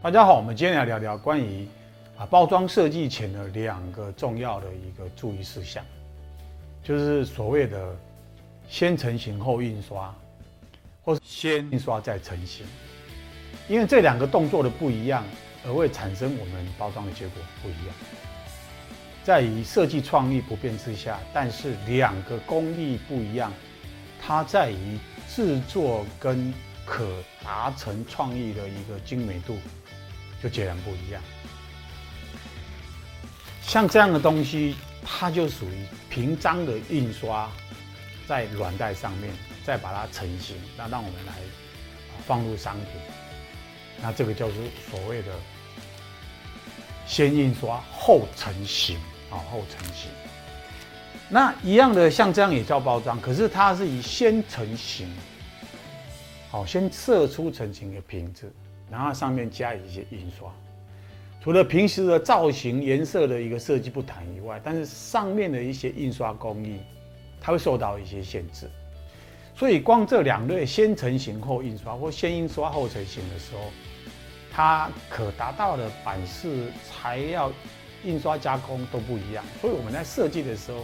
大家好，我們今天來聊聊關於啊包裝設計前的兩個重要的一個注意事項，就是所謂的先成型後印刷，或是先印刷再成型，因為這兩個動作的不一樣，而會產生我們包裝的結果不一樣。在於設計創意不變之下，但是兩個工藝不一樣，它在於制作跟可達成創意的一個精美度。就截然不一樣。像這樣的東西，它就屬於平張的印刷，在軟袋上面，再把它成型，那讓我們來放入商品。那這個就是所謂的先印刷後成型啊、哦，後成型。那一樣的，像這樣也叫包裝，可是它是以先成型，好、哦，先射出成型的瓶子。然後上面加一些印刷，除了平時的造型、顏色的一個設計不談以外，但是上面的一些印刷工藝，它會受到一些限制。所以光這兩類先成型後印刷，或先印刷後成型的時候，它可達到的版式、材料、印刷加工都不一樣。所以我們在設計的時候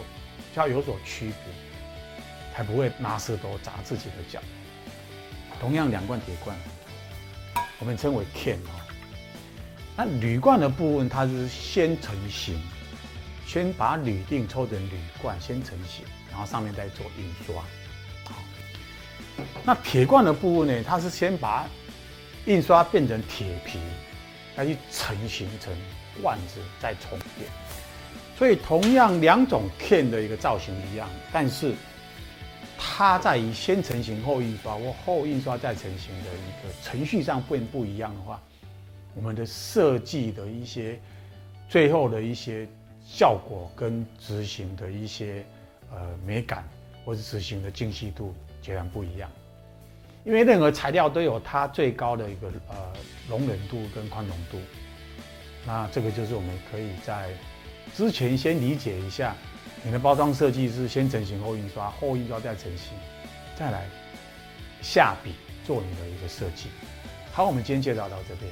就要有所區別，才不會拿石頭砸自己的腳。同樣，兩罐鐵罐。我們稱為片哦，那鋁罐的部分，它是先成型，先把鋁錠抽成鋁罐，先成型，然後上面再做印刷。好，那鐵罐的部分呢，它是先把印刷變成鐵皮，再去成型成罐子，再重疊。所以同樣兩種片的一個造型一樣，但是。它在於先成型後印刷，或後印刷再成型的一個程序上不不一樣的話，我們的設計的一些最後的一些效果跟執行的一些呃美感，或者執行的精細度截然不一樣。因為任何材料都有它最高的一個呃容忍度跟寬容度，那這個就是我們可以在之前先理解一下。你的包裝設計是先成型後印刷？後印刷再成型？再來下筆做你的一個設計。好，我們今天介紹到這邊。